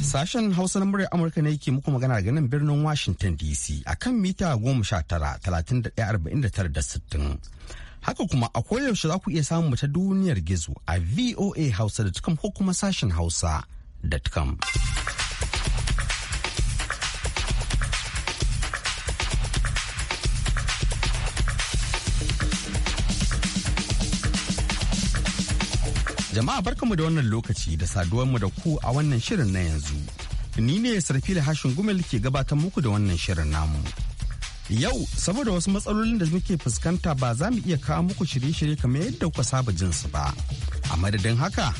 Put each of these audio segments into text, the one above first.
Sashen Hausa na muryar Amurka ne ke muku magana daga nan birnin Washington DC a kan mita goma sha tara talatin da ɗaya arba'in da tara da sittin. Haka kuma a koyaushe za ku iya samun ta duniyar gizo a voa Hausa hausa.com ko kuma sashen hausa.com. Jama'a barkanmu da wannan lokaci da saduwar mu da ku a wannan shirin na yanzu. Ni ne Sarfila Hashin Gumel ke gabatar muku da wannan shirin namu. Yau, saboda wasu matsalolin da muke fuskanta ba za mu iya kawo muku shirye-shirye kamar yadda kuka saba jin su ba. A madadin haka,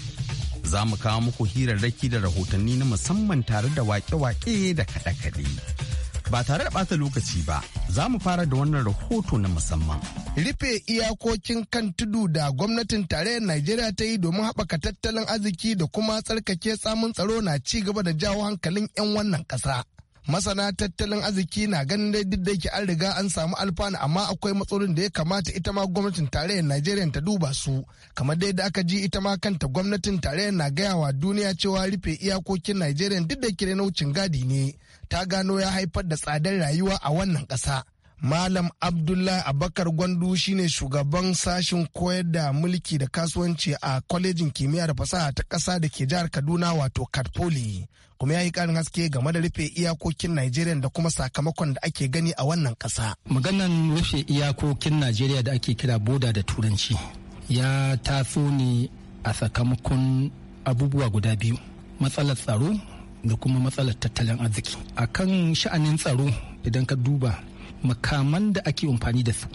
za mu kawo muku hirarraki da rahotanni na musamman tare da waƙe-waƙe da kaɗe-kaɗe. Ba tare da ɓata lokaci ba, za mu fara da wannan rahoto na musamman. Rufe iyakokin kan tudu da gwamnatin tarayyar Najeriya ta yi domin haɓaka tattalin arziki da kuma tsarkake samun tsaro na ci gaba da jawo hankalin 'yan wannan ƙasa. masana tattalin arziki na ganin dai duk da yake an riga an samu alfanu amma akwai matsalolin da ya kamata ita ma gwamnatin tarayyar Najeriya ta duba su kamar dai da aka ji ita ma kanta gwamnatin tarayyar na gaya wa duniya cewa rufe iyakokin Najeriya duk da yake na wucin gadi ne ta gano ya haifar da tsadar rayuwa a wannan ƙasa. Malam Abdullahi Abakar Gwandu shine shugaban sashen koyar da mulki da kasuwanci a kwalejin kimiyya da fasaha ta ƙasa da ke jihar Kaduna wato Katpoli. kuma ya yi ƙarin haske game da rufe iyakokin Najeriya da kuma sakamakon da ake gani a wannan ƙasa. Maganan rufe iyakokin Najeriya da ake kira boda da turanci ya taso ne a sakamakon abubuwa guda biyu matsalar tsaro da kuma matsalar tattalin arziki A kan sha'anin tsaro idan ka duba makaman da ake amfani da su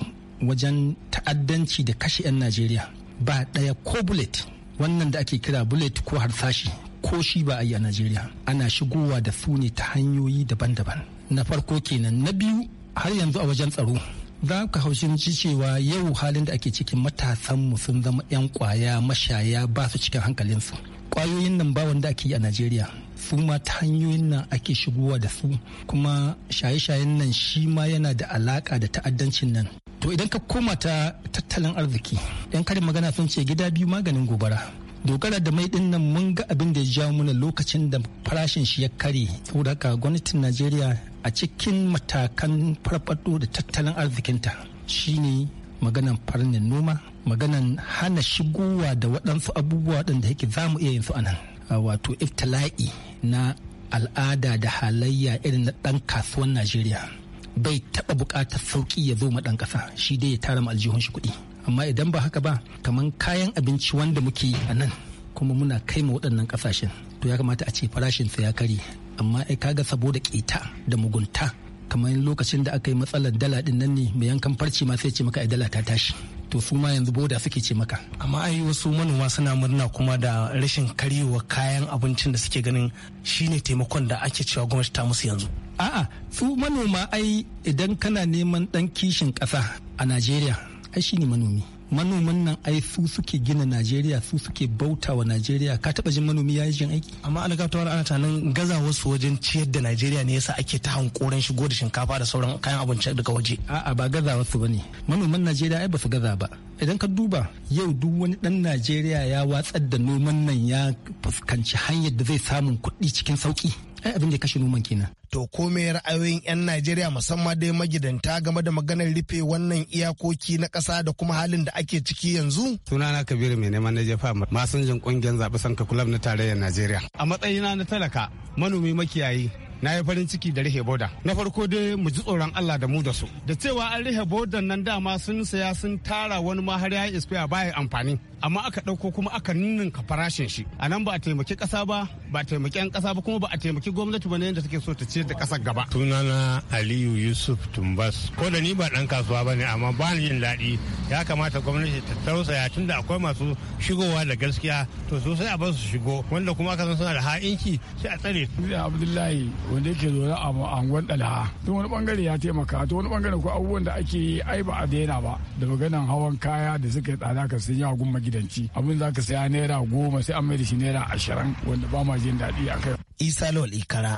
wajen ta'addanci da kashe 'yan najeriya ba ɗaya ko bullet wannan da ake kira bullet ko harsashi ko shi ba a yi a najeriya ana shigowa da su ne ta hanyoyi daban-daban na farko kenan na biyu har yanzu a wajen tsaro za ka haushin ci cewa yau halin da ake cikin matasanmu sun zama 'yan kwaya mashaya ba su cikin hankalinsu kwayoyin nan ba wanda ake yi a najeriya su ma ta hanyoyin nan ake shigowa da su kuma shaye-shayen nan shi ma yana da alaka da ta'addancin nan to idan ka koma ta tattalin arziki yan karin magana sun ce gida biyu maganin gobara dogara da mai din nan mun ga abin da ya jawo muna lokacin da farashin shi ya kare saboda haka gwamnatin najeriya a cikin matakan farfado da tattalin arzikinta shine maganan farnin noma maganan hana shigowa da waɗansu abubuwa waɗanda yake za mu iya yin su anan wato iftila'i na al'ada da halayya irin na ɗan kasuwan najeriya bai taɓa buƙatar sauƙi ya zo ma ɗan ƙasa shi dai ya tara ma aljihun shi kuɗi amma idan ba haka ba kamar kayan abinci wanda muke yi a nan kuma muna kai ma waɗannan ƙasashen to ya kamata a ce farashin sa ya kare amma ai ga saboda ƙeta da mugunta kamar lokacin da aka yi matsalar dala ɗin nan ne mai yankan farci ma sai ce maka ai dala ta tashi to su ma yanzu boda suke ce maka amma ai wasu manoma suna murna kuma da rashin karyewa kayan abincin da suke ganin shine taimakon da ake cewa gwamnati ta musu yanzu a'a su manoma ai idan kana neman dan kishin ƙasa a Najeriya ai shine manomi manoman nan ai su suke gina najeriya su suke bauta wa najeriya ka taba jin manomi ya yi jin aiki amma alkaftawar ana tanan gaza wasu wajen ciyar da najeriya ne yasa ake ta hankoran shigo da shinkafa da sauran kayan abinci daga waje a'a ba gaza wasu bane manoman najeriya ai ba su gaza ba idan ka duba yau duk wani dan najeriya ya watsar da noman nan ya fuskanci hanyar da zai samun kuɗi cikin sauki ai abin da ya kashe noman kenan To komai ra'ayoyin 'yan Najeriya musamman dai magidanta game da maganar rufe wannan iyakoki na ƙasa da kuma halin da ake ciki yanzu? Sunana Kabiru mai neman na jefa masinjin ƙungiyar zaɓe sanka kulab na tarayyar Najeriya. A matsayina na talaka manomi makiyayi na yi farin ciki da rihe boda na farko dai mu ji tsoron Allah da mu da su da cewa an rihe bodan nan dama sun saya sun tara wani ma har ya ba baya amfani amma aka dauko kuma aka ninninka farashin shi a nan ba a taimaki ƙasa ba ba a taimaki 'yan ƙasa ba kuma ba a taimaki gwamnati ba ne yadda take so ta ciyar da ƙasar gaba sunana aliyu yusuf tumbas ko da ni ba dan kasuwa ba ne amma ba ni jin daɗi ya kamata gwamnati ta tausaya tun da akwai masu shigowa da gaskiya to sosai a basu shigo wanda kuma aka san suna da ha'inci sai a tsare abdullahi wanda yake zaune a angon dalha tun wani bangare ya taimaka ta wani bangare ko abubuwan da ake yi ai ba a daina ba da maganan hawan kaya da suka tsada ka sun yi a gumma gidanci abin za ka saya naira goma sai an mai da shi naira ashirin wanda ba ma jin daɗi a kai. isa lol ikara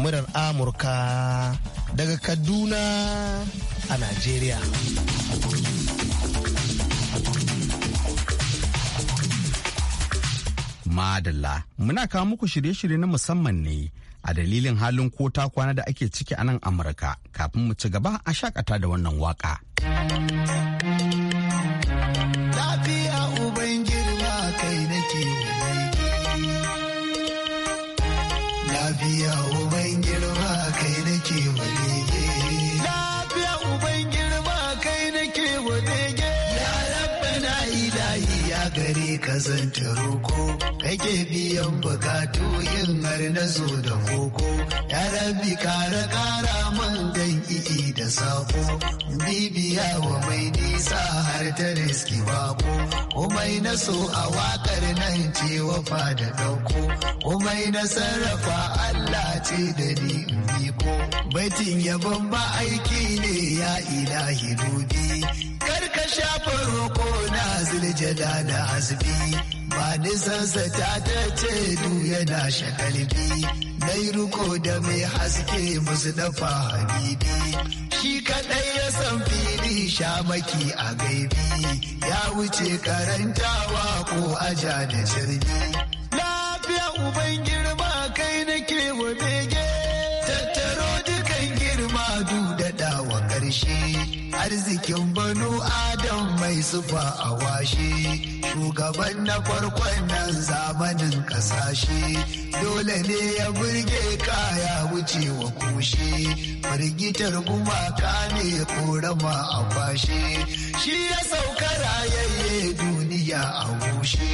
murar amurka daga kaduna a nigeria. Madalla, muna kawo muku shirye-shirye na musamman ne a dalilin halin ko ta kwana da ake ciki a nan amurka kafin mu ci gaba a shakata da wannan waƙa. lafiya uban girma kai nake wadege lafiya uban kai nake wadege ya rabba na ilahi ya gare ka roko ake biyan bukatu yin har na zo da koko ya rabi kara kara man dan iki da sako bibiya wa mai nisa har ta riski bako komai na so a wakar nan ce wafa da dauko komai na sarrafa Allah ce da ni in ko baitin yabon ba aiki ne ya ilahi dubi kar ka shafa roko na ziljada da hasbi nisansa ta ta ce du yana shakalbi mai ruko da mai haske musu dafa habibi shi kaɗai ya san fili sha maki a gaibi ya wuce karantawa ko aja da jirgi lafiya uban girma kai nake wa bege tattaro dukan girma du daɗawa ƙarshe arzikin bano mai sufa a washe shugaban na farkon nan zamanin kasashe dole ne ya burge kaya wucewa kushe firgitar gumaka ne korama a kwashe shi ya sauka rayayye duniya a bushe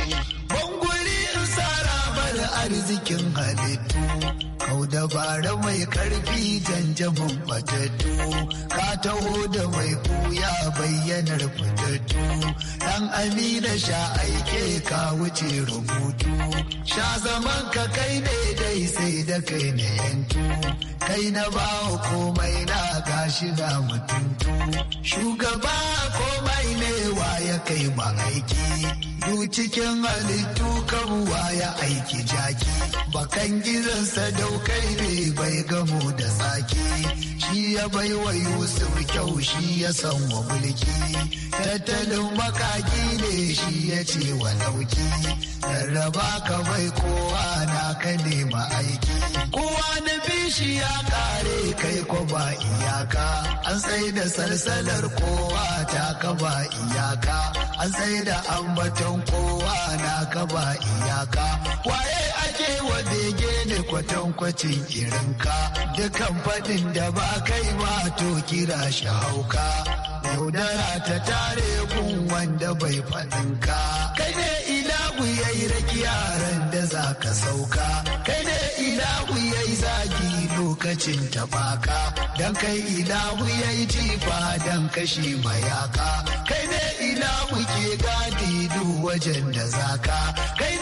arzikin halittu kau dabara mai karfi janjamin fatattu ka taho da mai kuya bayyanar fatattu dan amina sha aike ka wuce rubutu sha zaman ka kai dai sai da kai na yantu kai na bawa komai na gashi na mutuntu shugaba komai ne wa kai ma aiki du cikin halittu kabuwa ya aiki jaki bakan gizansa daukai ne bai gamo da tsaki shi ya bai wa Yusuf kyau shi ya san wa mulki tattalin makaki ne shi ya ce wa lauki rarraba ka bai kowa na ka nema aiki kowa na bishi ya kare kai ko ba iyaka an sai da salsalar kowa ta ka ba iyaka an sai da ambaton kowa na ka ba iyaka waye wa bege ne kwatankwacin kirinka dukan faɗin da ba kai ba to kira shi hauka yaudara ta tare kun wanda bai faɗinka kai ne ila ya raki yaran da za ka sauka kai ne ila ya zagi lokacin tabaka dan kai ila ya yi jifa dan kashi mayaka kai ne ila ke gadi duk wajen da zaka kai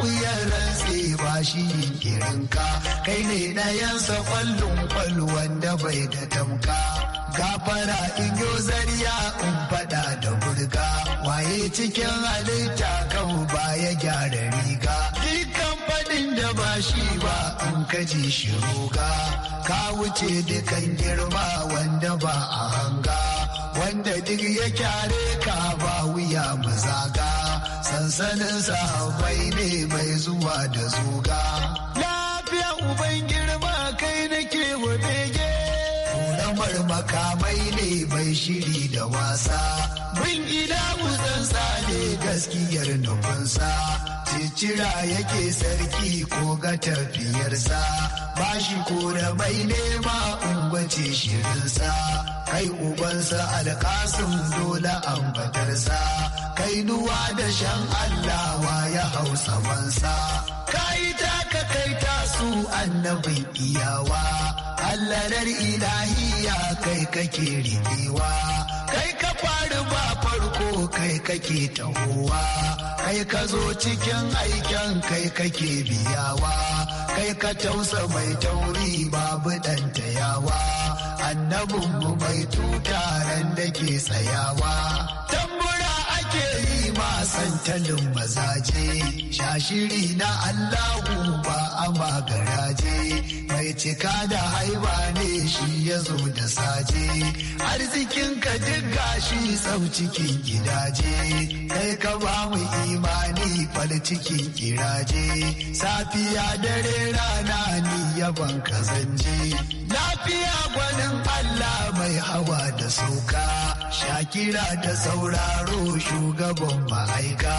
wuyan rantse ba shi kirinka. kai ne ɗayansa kwallon kwal wanda bai da tamka gafara in yo zariya in faɗa da burga waye cikin halitta kan baya gyara riga dukkan faɗin da ba shi ba in kaji shi roga ka wuce dukan girma wanda ba a hanga wanda duk ya kyare ka ba wuya mazaga sansanin sahabbai ne mai zuwa da zuga. Lafiya uban girma kai nake wa bege. Tunamar makamai ne mai shiri da wasa. Bin gida sa ne gaskiyar nufinsa. Cicira yake sarki ko ga tafiyarsa. Bashi ko da mai nema ungwace shirinsa. Kai ubansa alkasim dole ambatarsa. Kainuwa da shan Allah ya hausa wansa kai ta ka kai ta su annabin iyawa allarar ilahiya kai kake rigewa kai ka faru ba farko kai kake tahowa kai ka zo cikin aikin kai kake biyawa kai ka tausa mai tauri babu Annabin annabinmu mai tuta ran da ke tsayawa ba santalin mazaje shashiri na allahu ba a magaraje mai cika da haiba ne shi ya zo da saje arzikin ka digga shi tsau cikin gidaje kai ka ba mu imani fal cikin kiraje safiya dare rana ni yaban ka lafiya gwanin allah mai hawa da sauka Shakira da sauraro shugaban ma'aika,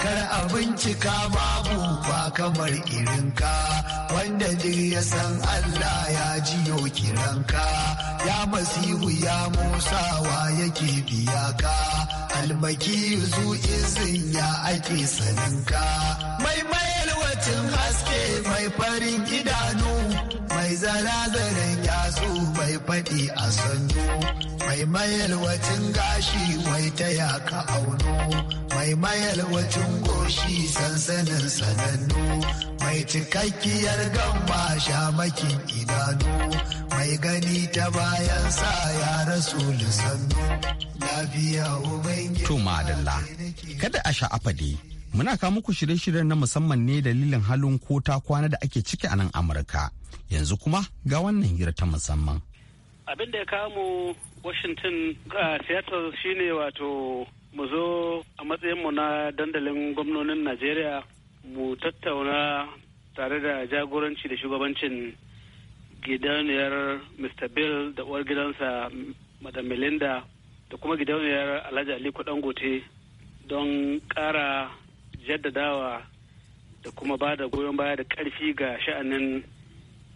kar a bincika babu ba kamar irinka, wanda duk ya san Allah ya jiyo kiranka, ya masihu ya musa musawa yake biya ka, almaki zu izin ya ake saninka. Mai mayar haske mai farin idanu, mai zara-zaren faɗi a sanyo mai wajen gashi wai ta yaka auno mai wajen goshi sansanin sanannu mai cikakkiyar gamba shamakin idanu mai gani ta bayan sa ya rasu lissannu lafiya ubangiji. To madalla, kada a sha'afa dai muna kawo muku shirye-shiryen na musamman ne dalilin halin ko ta kwana da ake ciki a nan Amurka. Yanzu kuma ga wannan hira ta musamman. abin da ya kamu washington a siyasar shine wato mu zo a matsayin mu na dandalin gwamnonin najeriya mu tattauna tare da jagoranci da shugabancin gidauniyar mr bill da uwar gidansa madam melinda da kuma gidauniyar alhaji aliko dangote don kara jaddadawa da kuma ba da goyon baya da karfi ga sha'anin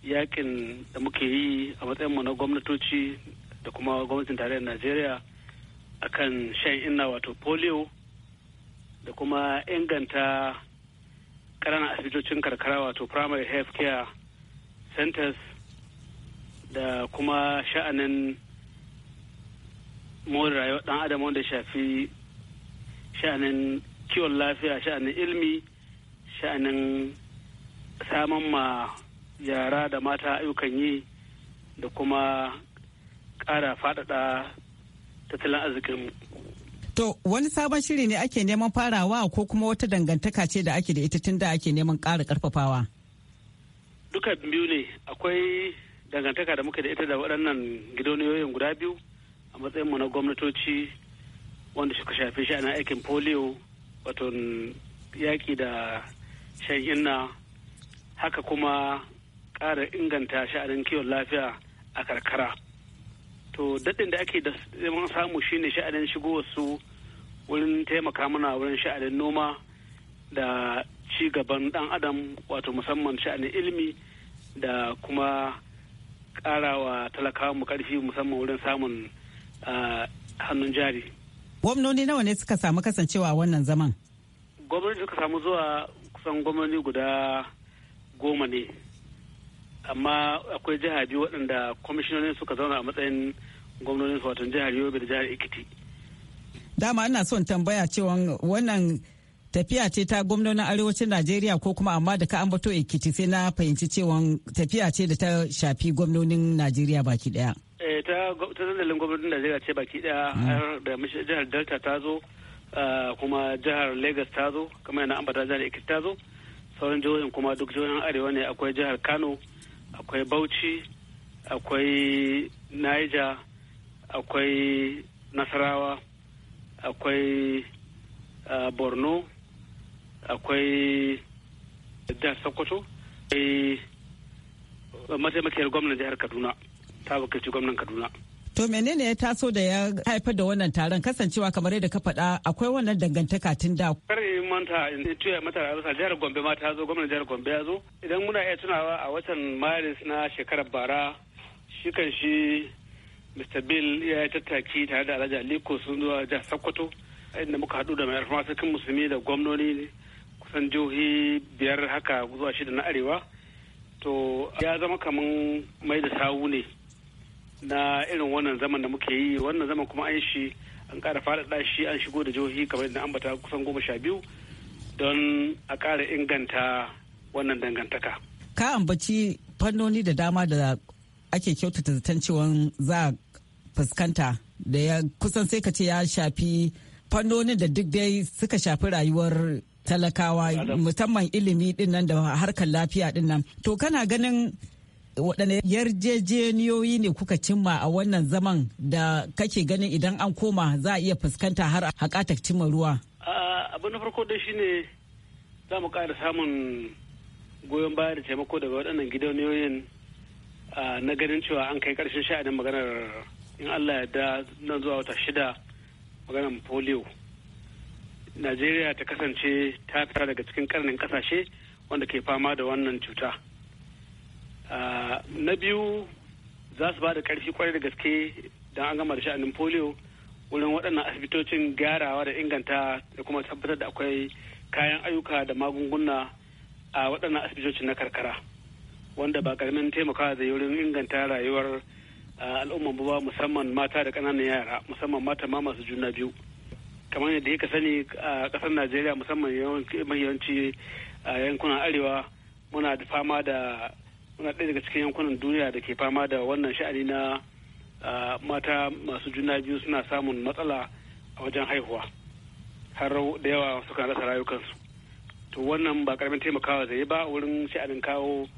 yakin da muke yi a matsayin mu na gwamnatoci da kuma gwamnatin tarayyar najeriya kan shan inna wato polio da kuma inganta ƙananan asibitocin karkara wato primary health care centers da kuma sha'anin more rayuwa dan adam wanda shafi sha'anin kiwon lafiya sha'anin ilmi sha'anin samun ma yara da mata ayyukan yi da kuma ƙara faɗaɗa tattalin mu. To wani sabon shiri ne ake neman farawa ko kuma wata dangantaka ce da ake da ita tun da ake neman ƙara ƙarfafawa? Duka biyu ne akwai dangantaka da muka da ita da waɗannan gidauniyoyin guda biyu a matsayinmu na gwamnatoci wanda suka shafi shi ana aikin polio wato yaƙi da shan inna haka kuma ƙara inganta sha'anin kiwon lafiya a karkara to daɗin da ake da zaman samu shine sha'anin shigo su wurin taimaka mana wurin sha'anin noma da ci gaban ɗan adam wato musamman sha'anin ilimi da kuma ƙarawa talakawa mu ƙarfi musamman wurin samun hannun jari gwamnoni nawa ne suka samu kasancewa wannan zaman gwamnoni suka samu zuwa kusan gwamnoni guda goma ne amma akwai jiha biyu waɗanda kwamishinonin suka zauna a matsayin gwamnonin su wato jihar yobe da jihar ekiti dama ina son tambaya cewa wannan tafiya ce ta gwamnonin arewacin najeriya ko kuma amma da ka ambato ekiti sai na fahimci cewa tafiya ce da ta shafi gwamnonin najeriya baki daya eh, ta tattalin gwamnonin najeriya ce baki daya mm. har da jihar delta ta zo ah, kuma jihar lagos ta zo kamar yana ambata jihar ekiti ta zo sauran jihohin kuma duk jihohin arewa ne akwai jihar kano akwai bauchi akwai niger akwai nasarawa akwai uh, borno akwai jihar sokoto akwai mataimakiyar gwamnan jihar kaduna ta wakilci gwamnan kaduna To menene ya taso da ya haifar da wannan taron kasancewa kamar yadda ka faɗa akwai wannan dangantaka tun da. Kar yi manta tuya mata a jihar Gombe ma ta zo gwamnan jihar Gombe ya zo. Idan muna iya tunawa a watan Maris na shekarar bara shi kan shi Mr. Bill ya yi tattaki tare da Alhaji Aliko sun zuwa jihar Sokoto inda muka haɗu da mai alfama musulmi da gwamnoni kusan jihohi biyar haka zuwa shida na arewa. To ya zama kaman mai da sawu ne. na irin wannan zaman da muke yi wannan zaman kuma an shi an ƙara faɗaɗa shi an shigo da jihohi kamar yadda ambata kusan goma sha biyu don a ƙara inganta wannan dangantaka. Ka ambaci fannoni da dama da ake kyautata zaton cewa za a fuskanta da ya kusan sai ka ce ya shafi fannonin da duk dai suka shafi rayuwar talakawa musamman ilimi din nan da harkar lafiya din nan. To kana ganin waɗanne yarjejeniyoyi ne kuka cimma a wannan zaman da kake ganin idan an koma za a iya fuskanta har a haƙatar cimma ruwa? abu na farko dai shine za mu ƙara samun goyon baya da taimako daga waɗannan gidauniyoyin na ganin cewa an kai ƙarshen sha'anin maganar in Allah ya da nan zuwa wata shida maganar polio. Najeriya ta kasance ta tara daga cikin karnin kasashe wanda ke fama da wannan cuta. na biyu za su ba da ƙarfi kwarai da gaske don an gama da sha'anin polio wurin waɗannan asibitocin gyarawa da inganta da kuma tabbatar da akwai kayan ayyuka da magunguna a waɗannan asibitocin na karkara wanda ba ƙaramin taimakawa zai wurin inganta rayuwar al'umman ba musamman mata da ƙananan yara musamman mata ma masu juna biyu kamar yadda ka sani a ƙasar najeriya musamman yawanci yankunan arewa muna da fama da muna ɗaya daga cikin yankunan duniya da ke fama da wannan sha'ani na mata masu juna biyu suna samun matsala a wajen haihuwa har da yawa suka rasa rayukansu to wannan ba karamin taimakawa zai ba wurin sha'anin kawo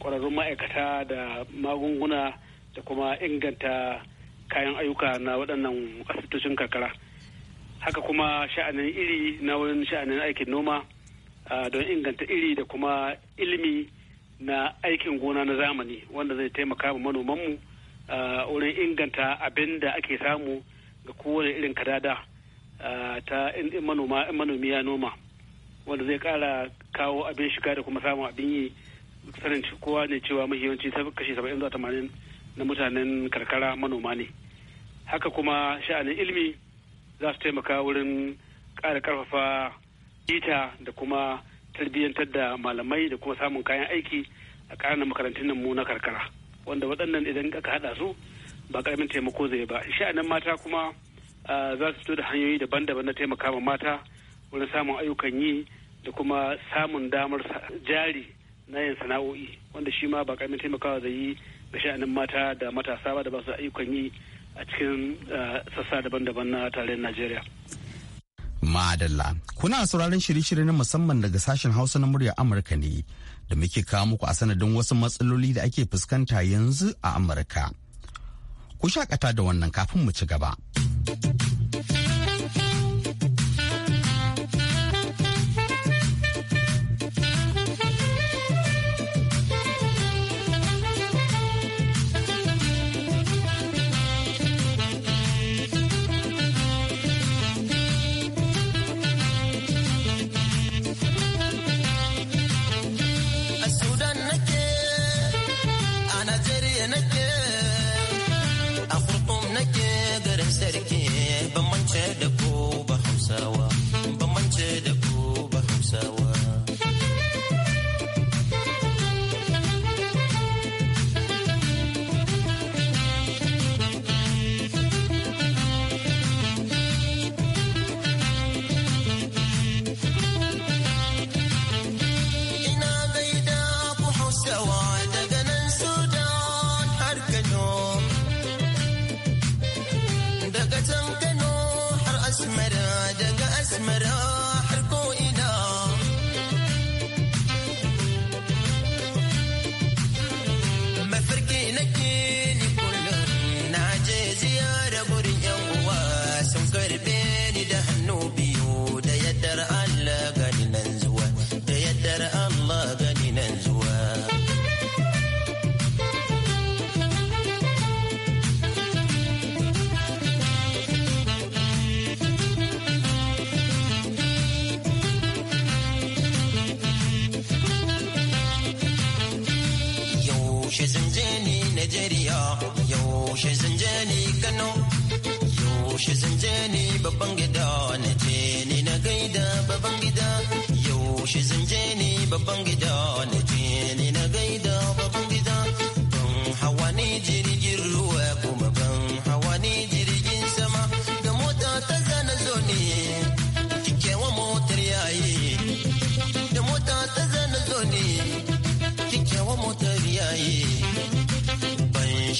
kwararrun ma'aikata da magunguna da kuma inganta kayan ayyuka na waɗannan asibitocin karkara haka kuma sha'anin iri na wurin sha'anin aikin noma don inganta iri da kuma ilimi na aikin gona na zamani wanda zai taimaka wa manomanmu uh, wurin inganta abin da ake samu ga kowane irin kadada uh, ta in manomi ya noma wanda zai kara kawo abin shiga da kuma samun abin yi sanin kowa ne cewa mahimmanci ta kashi saba'in zuwa tamanin na mutanen karkara manoma ne haka kuma sha'anin ilimi za su taimaka wurin ƙara karfafa ita da kuma tarbiyyantar da malamai da kuma samun kayan aiki a ƙananan makarantun nan mu na karkara wanda waɗannan idan aka haɗa su ba ƙaramin taimako zai ba sha'anin mata kuma za su fito da hanyoyi daban-daban na taimakawa mata wurin samun ayyukan yi da kuma samun damar jari na yin sana'o'i wanda shi ma ba ƙaramin taimakawa zai yi ga sha'anin mata da matasa ba da ba su ayyukan yi a cikin sassa daban-daban na tarayyar najeriya Madalla, kuna sauraron shirye-shirye na musamman daga sashen Hausa na murya Amurka ne da muke kawo muku a sanadin wasu matsaloli da ake fuskanta yanzu a Amurka. Ku shakata da wannan kafin mu ci gaba.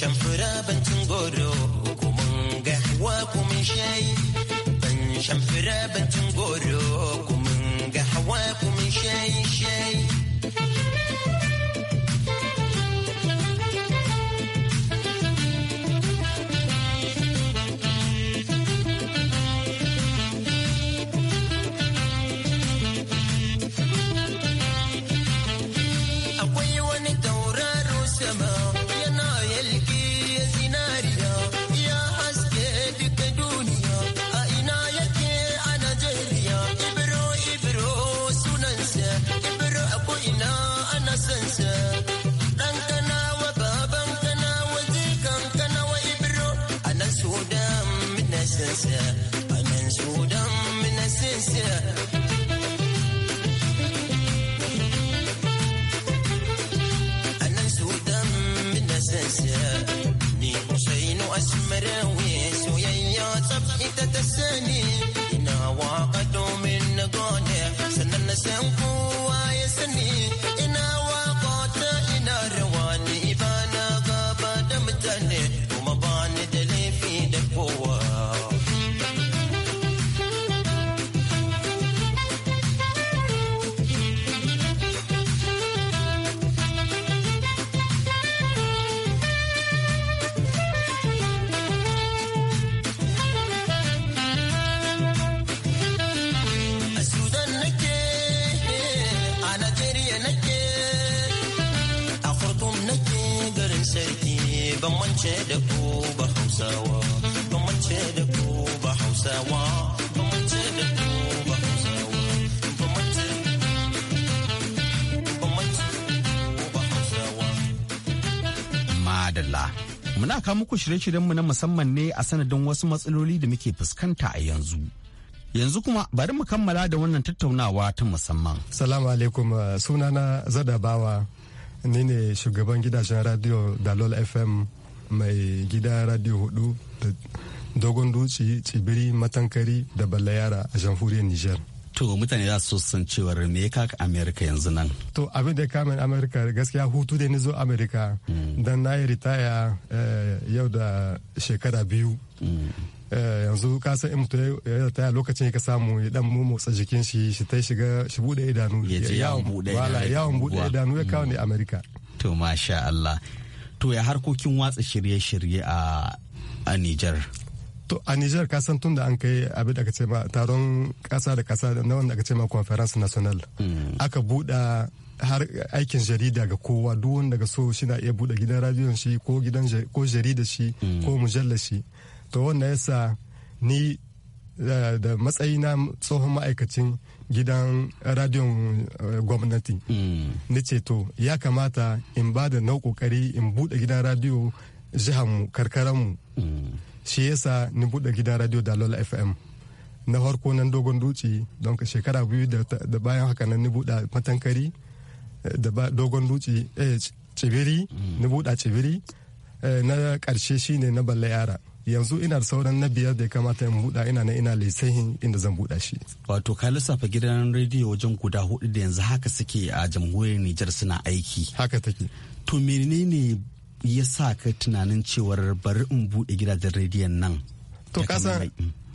shan fura ban cin goro ko mun ga hawa ko shayi ban shan fura ban cin goro ko mun ga hawa ko shayi shayi don't know. Adalla. Muna kawo muku shirye-shiryenmu na musamman ne a sanadin wasu matsaloli da muke fuskanta a yanzu. yanzu kuma bari mu kammala da wannan tattaunawa ta musamman. Salamu alaikum uh, sunana Zadabawa ni ne shugaban gidajen radio Dalol FM mai gida radio hudu da dogon duci tsibiri matankari da balayara a jamhuriyar Nijar. to mutane za su san cewar me ya kaka Amerika yanzu nan to abin da kamen amerika gaskiya hutu da nizo amerika america hmm. dan na yi ritaya eh, yau da shekara biyu hmm. eh, yanzu ka san in mutu ya taya lokacin ka samu ya dan motsa jikin shi shi ta shiga shi bude idanu yawon bude idanu ya kawo ne hmm. Amerika. to masha Allah to ya harkokin watsa shirye-shirye a a Nijar To a Niger ka san da an kai abin da aka ce ma taron kasa da kasa na wanda aka ce ma conference national. Mm. Aka buɗa har aikin jarida ga kowa duk wanda ga so shi na iya buɗe gidan radiyon shi ko gidan ko jarida shi mm. ko mujallar shi. To ya yasa ni da matsayi na tsohon ma'aikacin gidan radiyon eh, gwamnati. Mm. Ni ce to ya kamata in ba da nau kokari in buɗe gidan radiyo jihanmu mu. shi yasa ni buɗe gidan radio dalol fm na farko nan dogon duci don ka shekara biyu da bayan haka nan ni buɗe matankari da dogon duci eh, cibiri mm. ni buɗe cibiri eh, na ƙarshe shine na balle yara yanzu ina da sauran na biyar da ya kamata in buɗa ina na ina lissahin inda zan buɗa shi. Wato ka lissafa gidan rediyo wajen guda hudu da yanzu haka suke a jamhuriyar Nijar suna aiki. Haka take. To menene ya sa ka tunanin cewar bari in buɗe gidajen rediyon nan to kasa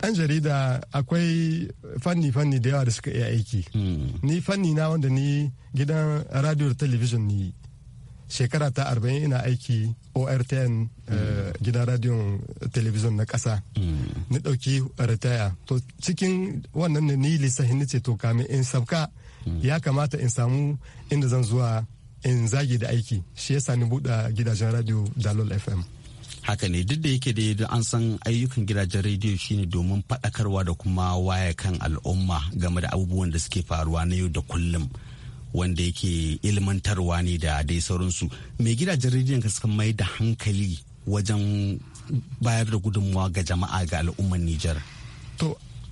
dan jarida akwai fanni-fanni da yawa da suka iya aiki hmm. ni fanni na wanda ni gidan radio da television ni shekara ta arba'in ina aiki ortn eh, hmm. gidan radio television na kasa hmm. ni ɗauki ritaya to cikin wannan ne ni lissahin ce to kamin in sabka ya kamata in samu inda zan zuwa in zage da aiki shi yasa ni buɗe gidajen radio dalol fm haka ne duk da yake da an san ayyukan gidajen rediyo shine domin faɗakarwa da kuma waya kan al'umma game da abubuwan da suke faruwa na yau da kullum wanda yake ilmantarwa ne da dai sauransu mai gidajen rediyon suka mai da hankali wajen bayar da gudunmawa ga jama'a ga al'ummar Nijar.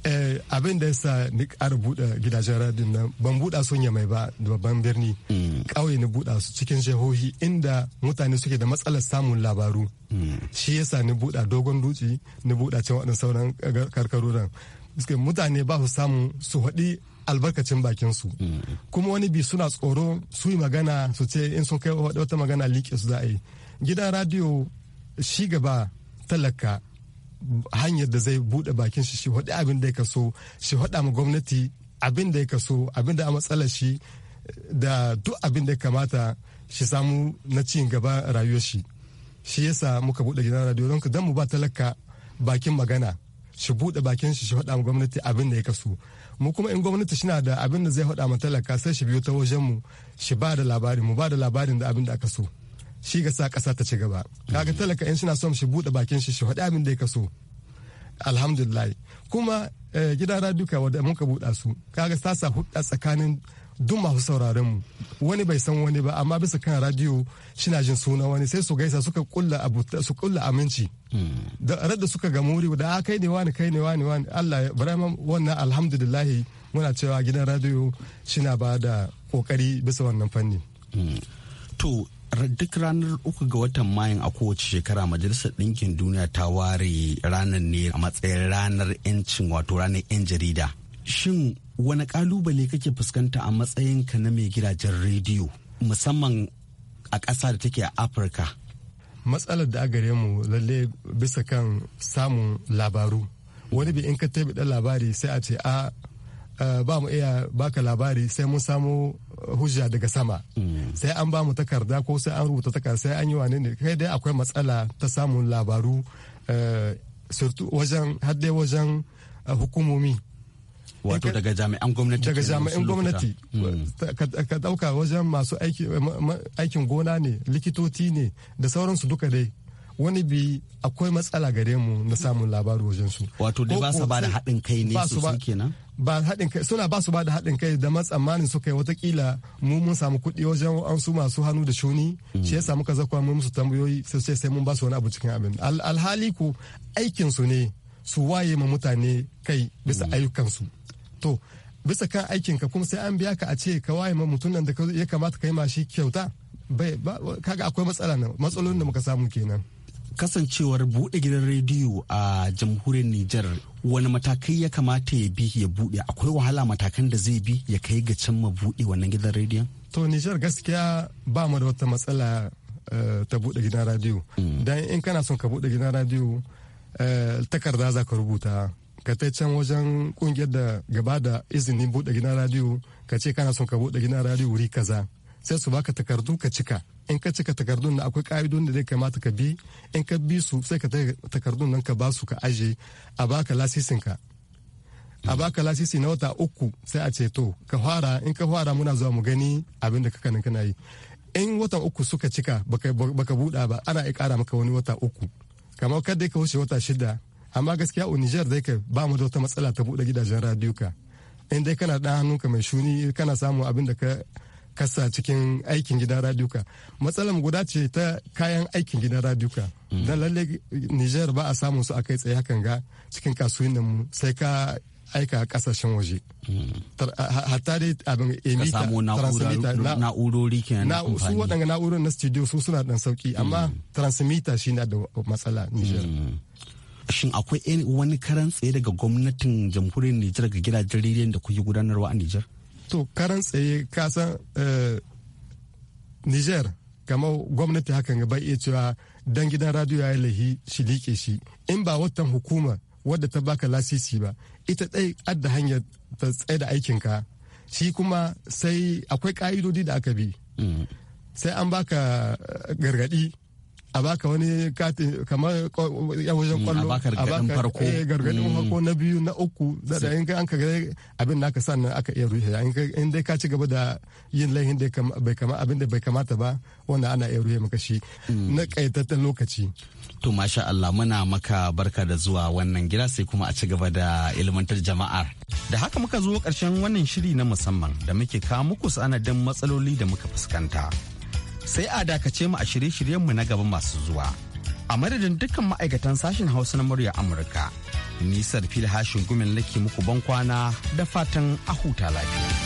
Eh, abin da yasa ni ƙara buɗe gidajen radin nan ban buɗa sun mai ba da babban birni mm. ƙauye ni buɗa su cikin jihohi inda mutane suke da matsalar samun labaru mm. shi yasa ni buɗa dogon duci ni buɗa cewa waɗannan sauran karkaruran mutane ba su samu su haɗi albarkacin bakin su mm. kuma wani bi suna tsoro su yi magana su ce in sun kai wata magana liƙe su za a yi gidan radiyo shi gaba talaka hanyar da zai buɗe bakin shi shi hudu abin da ya kaso shi hudu ma gwamnati abin da ya kaso abin da a matsalar shi da duk abin da ya kamata shi samu na cin gaba rayuwar shi shi yasa muka buɗe gidan radio don ka mu ba talaka bakin magana shi buɗe bakin shi shi hudu ma gwamnati abin da ya kaso mu kuma in gwamnati shi na da abin da zai hudu ma talaka sai shi biyo ta wajen mu shi ba da labarin mu ba da labarin da abin da aka so shi ga sa ƙasa ta ci gaba kaga talaka in suna son shi buɗe bakin shi shi faɗi abin da ya kaso alhamdulillah kuma eh, gida duka wanda muka buɗa su kaga sasa hudda tsakanin duk masu sauraron mu wani bai san wani ba amma bisa kan radio shina jin suna wani sai su gaisa suka kulla abu su kulla aminci da radda suka ga muri da ah, kai ne wani kai ne wani wani Allah ya barama wannan alhamdulillah muna cewa gidan radio shina ba da kokari bisa wannan fanni to duk ranar uku ga watan mayun a kowace shekara majalisar ɗinkin duniya ta ware ranar ne a matsayin ranar 'yancin wato ranar 'yan jarida shin wani kalubale kake fuskanta a matsayin ka na mai gidajen rediyo musamman a ƙasa da take a afirka matsalar da a gare mu lalle bisa kan samun labaru wani bi in ka labari sai a ce a ah, Eh, ba mu iya baka labari sai mun samu hujja daga sama mm. sai an ba mu takarda ko sai an rubuta takarda sai an yi wane ne kai dai akwai matsala ta samun labaru eh, wajen haddai wajen eh, hukumomi wato daga jami'an gwamnati daga jami'an gwamnati mm. ka dauka wajen masu aikin gona ne likitoci ne da sauransu duka dai wani bi akwai matsala gare mu na samun labaru wajen su wato dai ba su ba da haɗin kai ne su kenan ba haɗin kai suna ba su ba da haɗin kai da su suka yi watakila mu mun samu kuɗi wajen an su masu hannu da shuni hmm. shi samu kaza kuma mun musu tambayoyi sai sai sai mun ba su wani abu cikin abin alhali ku aikin su ne su waye ma mutane kai bisa hmm. ayyukan su. to bisa kan aikin ka kuma sai an biya ka a ce ka waye ma mutum nan da ya kamata ka yi shi kyauta bai kaga akwai matsala nan matsalolin da muka samu kenan kasancewar buɗe gidan rediyo a jamhuriyar Nijar wani matakai ya kamata ya bi ya buɗe akwai wahala matakan da zai bi ya kai ga can ma buɗe wannan gidan rediyon? To Nijar gaskiya ba mu da wata matsala eh, ta buɗe gidan radiyo. Mm. Dan in kana son ka buɗe gidan radiyo eh, takarda za ka rubuta ka ta can wajen kungiyar da gaba da izinin buɗe gidan radiyo ka ce kana son ka buɗe gidan radiyo wuri kaza sai su baka takardu ka cika in ka cika takardun nan akwai kaidun da zai kamata ka bi in ka bi su sai ka takardun nan ka ba su ka aje a baka lasisin ka a baka lasisi na wata uku sai a ce to ka fara in ka fara muna zuwa mu gani abin da kakanin kana yi in wata uku suka cika baka buɗa ba ana iya kara maka wani wata uku kamar kada ka wuce wata shida amma gaskiya a Niger zai ka ba mu da wata matsala ta buɗe gidajen radiyo ka in dai kana ɗan hannunka mai shuni kana samun abin da ka kasa cikin aikin gidan radiyuka matsalar guda ce ta kayan aikin gidan radiyuka hmm. don lalle niger ba a samun su a kai tsaye hakan ga cikin kasuwannin mu sai ka aika kasashen waje hmm. hatta dai abin emita eh, transmitter na'urori kenan su waɗanda na'urorin na studio su suna dan sauki amma hmm. transmitter shi na da matsala niger shin akwai wani karan tsaye daga gwamnatin jamhuriyar Nijar ga gidajen rediyon da kuke gudanarwa a Nijar? to karan tsaye kasan eh, niger kamar gwamnati hakan ba iya cewa dan gidan radio ya lahi shi liƙe shi in ba watan hukuma wadda ta baka lasisi ba ita tsaye adda hanyar ta tsaye da aikinka shi kuma sai akwai ka'idodi da aka bi mm. sai an baka eh, gargadi. a baka wani kati kamar ya wajen mm, kwallo a baka farko eh, gargadin mm. farko na biyu na uku da in an ka ga abin naka nan aka iya ruhe in dai ka ci gaba da yin laihin da bai kama abin da bai kamata ba wanda ana iya ruhe maka shi mm. na kaitattan lokaci to masha Allah muna maka barka da zuwa wannan gida sai kuma a ci gaba da ilmantar jama'ar da haka muka zo karshen wannan shiri na musamman da muke kawo muku sanadin matsaloli da muka fuskanta sai a dakace mu a shirye-shiryenmu na gaba masu zuwa. A madadin dukkan ma'aikatan sashen Hausa na murya Amurka, nisar fil hashin gumin nake muku ban kwana da fatan a huta lafiya.